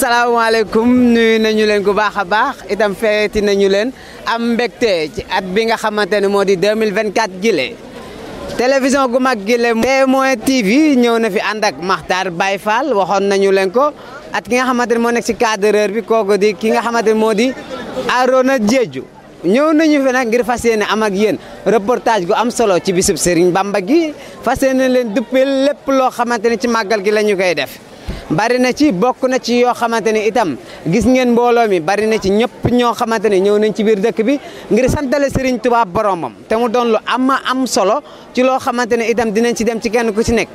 salaamaaleykum nuyu nañu leen bu baax a baax itam feeti nañu leen am mbégte ci at bi nga xamante ne moo di 2024 gile télévision gu mag gile Témoin TV ñëw na fi ànd ak Makhtar Baye Fall waxoon nañu leen ko at ki nga xamante ne moo nekk si cadreur bi kooku di ki nga xamante ne moo di Arona Diedhiou ñëw nañu fi nag ngir fas yéene am ak yéen reportage gu am solo ci bisub Serigne Bamba gi fas yéene leen duppil lépp loo xamante ne ci màggal gi la ñu koy def bari na ci bokk na ci yoo xamante ni itam gis ngeen mbooloo mi bari na ci ñëpp ñoo xamante ni ñëw nañ ci biir dëkk bi ngir santale Serigne Touba boromam te mu doon lu am am solo ci loo xamante ne itam dinañ ci dem ci kenn ku ci nekk.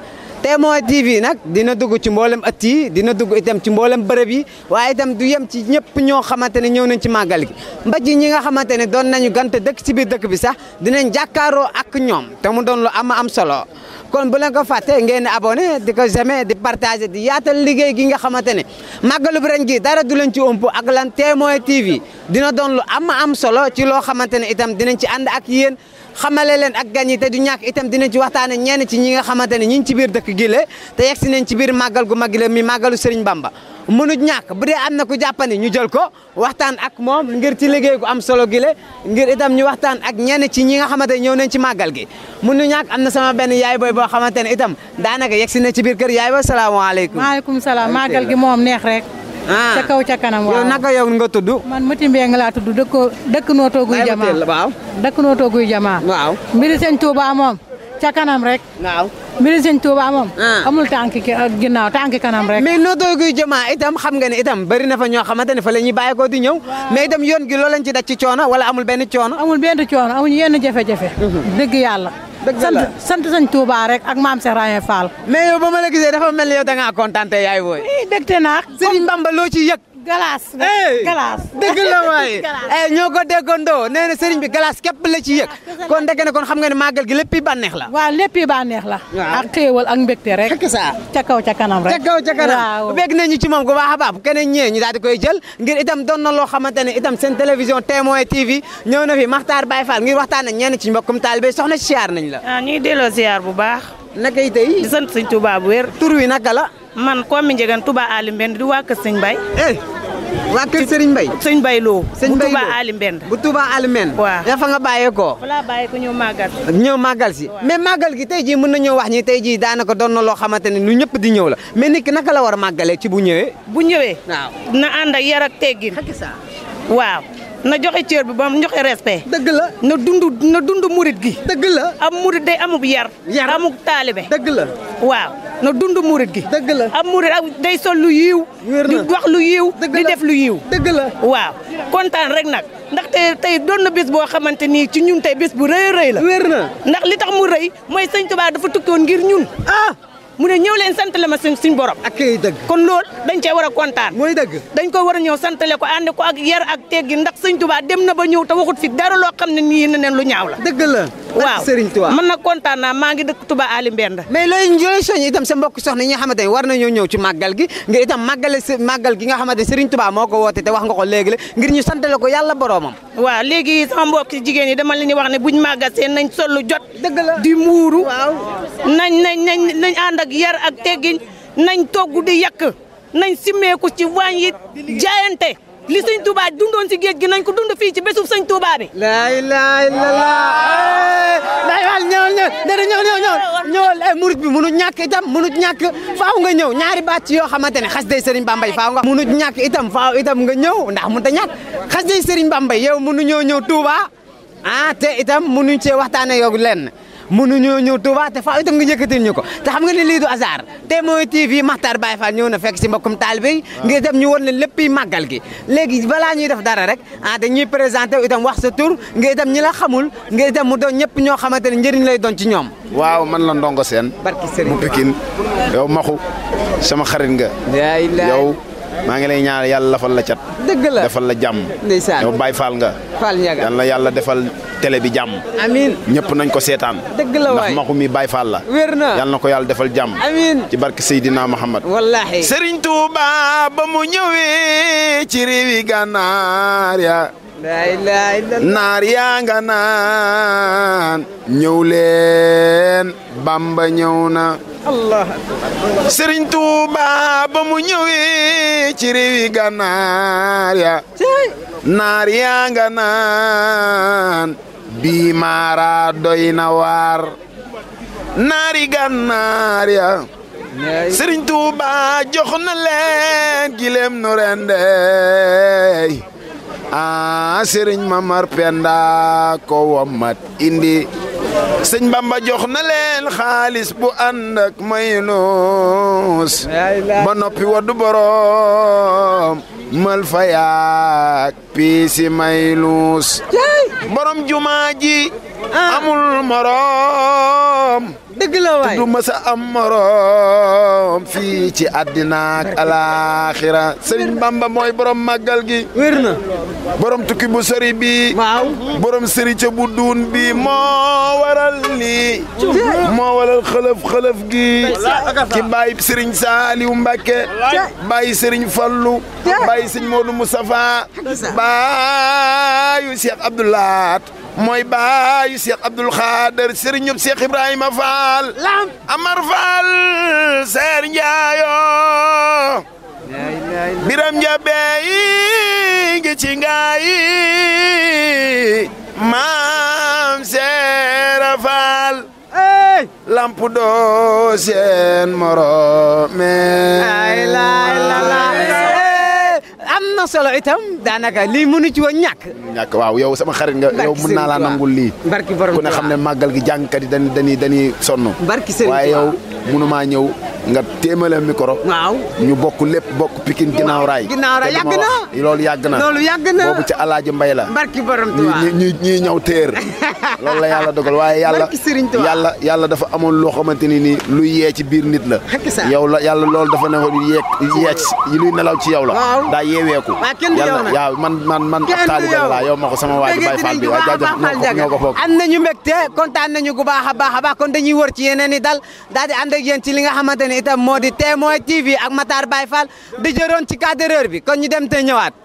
Témoin TV nag dina dugg ci mboolem at yi dina dugg itam ci mboolem bërëb yi waaye itam du yem ci ñëpp ñoo xamante ni ñëw nañ ci màggal gi mba ji ñi nga xamante ne doon nañu gante dëkk ci biir dëkk bi sax dinañ jàkkaaroo ak ñoom te mu doon lu am am solo. kon bu leen ko fàtte ngeen abonné di ko jamais di partager di yaatal liggéey gi nga xamante ne màggalub ren gi dara du leen ci ëmp ak lan Témoin TV dina doon lu am am solo ci loo xamante ne itam dinañ ci ànd ak yéen xamale leen ak gan yi te du ñàkk itam dina ci waxtaane ñenn ci ñi nga xamante ne ñi ngi ci biir dëkk gi la te yegg si nañ ci biir màggal gu mag gi la mi màggalu Serigne Bamba mënuñ ñàkk bu dee am na ku jàppani ñu jël ko waxtaan ak moom ngir ci liggéey gu am solo gi la ngir itam ñu waxtaan ak ñenn ci ñi nga xamante ne ñëw nañ ci màggal gi mënuñ ñàkk am na sama benn yaay boy boo xamante ne itam daanaka yegg si na ci biir kër yaay booy salaamaaleykum. maaleykum salaam màggal gi moom neex rek. Ah. ca kaw ca kanam waaw yow naka yow nga tudd. man Mati Mbengue laa tudd dëkkoo dëkk nootoo guy jamaa waaw. dëkk nootoo guy jamaa. waaw mbiri sëñ Touba moom ca kanam rek. waaw mbiri sëñ Touba moom. Ah. amul tànki ah, ginaaw tànki kanam rek. mais nootoo guy jamaa itam xam nga ne itam bari na fa ñoo xamante ne fa la ñuy bàyyi ko di ñëw. mais itam yoon gi loo leen ci daj ci coono wala amul benn coono. amul benn coono amuñu yenn jafe-jafe. Mhm. dëgg yàlla. sant sant sëñ Touba rek ak maam Cheikh Rayen Fall. mais yow ba ma la gisee dafa mel ni yow da ngaa kontaan yaay booy. oui dégg te naa. Serigne loo ci yëg. galaas la galaas dëgg la waaye ñoo ko déggandoo nee na sëriñ bi galaas képp la ci kon ndeke ne kon xam nga ne màggal gi lépp bànneex la waaw lépp bànneex la ak wal ak mbégte rek ca kaw ca kanam rek ca kaw ca kanam bégg nañu ci moom bu baax a kene keneen ñee ñi daal di koy jël ngir itam doon na loo xamante ne itam seen télévision Témoin TV ñëw na fi Makhtar Baye Fall ngir waxtaan ak ñenn ci mbokkum taalibe soxna si siyaar nañ la ah, ñuy delloo siyaar bu baax naka yi tey di sant sëñ Tuubaa bu wér tur wi naka la man ko mi jegan touba ali mbend di wa ke seigne bay eh wa ke seigne bay seigne bay lo seigne bay touba ali mbend bu touba ali mbend ya fa nga baye ko wala baye ko ñew magal ñew magal si mais magal gi tay ji mën ñew wax ni tay ji naka don na lo xamanteni lu ñepp di ñew la mais nik naka la war magalé e, ci bu ñewé bu ñewé na and ak yar ak teggin waaw na joxe cieur bi bam joxe respect deug la na dundu na dundu murid gi deug la am mourid day amuk yar amuk talibé deug la waaw na dund murit gi. dëgg la am murit ak day sol lu yiiw. di wax lu yiiw. di def lu yiiw. dëgg la waaw kontaan rek nag. ndax tey tey doon na bés boo xamante nii ci ñun tey bés bu rëy rëy la. wér na ndax li tax mu rëy mooy sëñ Tuubaa dafa tukkoon ngir ñun. ah mu ne ñëw leen sant ma suñ suñ borom. ak kay kon lool dañ cee war a kontaan. mooy dëgg. dañ ko war a ñëw santale ko ànd ko ak yar ak teggi ndax sëñ Tuubaa dem na ba ñëw te fi dara loo xam ne nii yeneen lu ñaaw la. dëgg la. waaw Serigne Touba man nag kontaan naa maa ngi dëkk Touba Ali Mbenda mais looy looy soññ itam sa mbokk soxna yi nga xamante ne war nañoo ñëw ci màggal gi nga itam màggale màggal gi nga xamante ne Serigne Touba moo ko woote te wax nga ko léegi ngir ñu santale ko yàlla boroomam waaw léegi sama mbokk jigéen yi dama leen di wax ne buñ màggal seen nañ sollu jot dëgg la di muuru nañ nañ nañ nañ ànd ak yar ak teggiñ nañ togg di yàq nañ simmeeku ci waañ yi jaayante li sëñ Touba dundoon si géej gi nañ ko dund fii ci bésub sëñ Touba bi. laa ilaaha illallaah. day wal ñëwal ñëw déedéet ñëw ñëw ñëw ñëwal ay eh, ñàkk itam mënut ñàkk faaw nga ñëw ñaari baat yoo xamante ne xas day Serigne Bambay faaw nga. mënut ñàkk itam faaw itam nga ñëw ndax mënut a ñàkk xas day Serigne Bambay yow mënu ñëw ñëw Touba ah te itam mënuñ cee waxtaanee yow lenn. mënuñoo ñëw Touba te faaw itam nga yëkkatil ñu ko te xam nga ne lii du hasard te mooy TV Makhtar Baye Fall ñëw na fekk si mbokkum taalibe yi ngir dem ñu won leen léppi màggal gi léegi balaa ñuy def dara rek ah dañuy présenté itam wax sa tur nga itam ñi la xamul nga itam mu doon ñëpp ñoo xamante ne njëriñ lay doon ci ñoom waaw man la ndongo seen barki sëriñ bu Pikine yow maxu sama xarit nga yow maa ngi lay yàlla lafal la cat. dëgg la defal la jàmm. ndeysaan yow Baye Fall nga. yàlla defal télé bi jàmm. ñëpp nañ ko seetaan. dëgg la waay ndax maxu mi Baye Fall la. wér na yàlla ko yàlla defal jàmm. ci barke Seydina Muhammad. wallaahi Serigne ba mu ñëwee ci réewi gànnaar ya naar yaa nga naan ñëw leen bamba ñëw na allah tuuba ba mu ñëwee ci réewi gànnaar ya naar yaa nga naan bii maara doy na waar naari gànnaar ya sëriñ tuuba jox na leen gileem nu rendeey ah Serigne Mamar Penda ko wamat indi serigne Bamba jox na len khalis bu andak ak ba nopi waddu borom mal fayak pisi mayluus borom jumaaji ah. amul morom deug la way du masa am morom fii ci àddina alaaxira Sëriñ Bamba mooy borom màggal gi. wér na. borom tukki bu sori bi. waaw borom sërica bu duun bi moo waral lii. moo waral xëlëf xëlëf gi. ci bàyyi Sëriñ Saaliw Mbàkke. bàyyi Sëriñ Fallu. bàyyi Sëriñ Moodu Mustafa. bàyyu Cheikh Abdoulaat. mooy baayu Cheikh Abdoul Khader Serigne Cheikh Ibrahima Fall. Lam Amar Fall Seer Njaayo. Biram Njabeey ngi ci ngaayi maam Seera Fall. Lamp doo seen moroom. na solo itam daanaka lii mënu ci woon ñàkk. ñàkk waaw yow sama xarit nga yow mën naa laa nangul lii. barki ku ne xam ne màggal gi jàngkat yi dañuy dañuy dañuy sonn. barki sëriñ waaye yow mënumaa ñëw nga téemale micro. waaw ñu bokk lépp bokk pikin ginnaaw raay. ginnaaw raay yàgg na loolu yàgg na. loolu yàgg na boobu ci Alaaji Mbay la. barki borom Tuubaa loolu la yàlla dogal waaye yàlla yàlla yàlla dafa amoon loo xamante ni nii luy yee ci biir nit la yow la yàlla loolu dafa ne yeeg yeec yi luy nelaw ci yow la daa yeeweeku yàlla yaaw man man man ab taalibe laa yow ma ko sama waa ji Baye Fall bi waaw jaajëf ñoo ko foog am nañu mbégte kontaan nañu bu baax a baax baax kon dañuy wër ci yeneen i dal daal di ak yéen ci li nga xamante ne itam moo di Témoin TV ak Matar Baye Fall di ci cadreur bi kon ñu dem te ñëwaat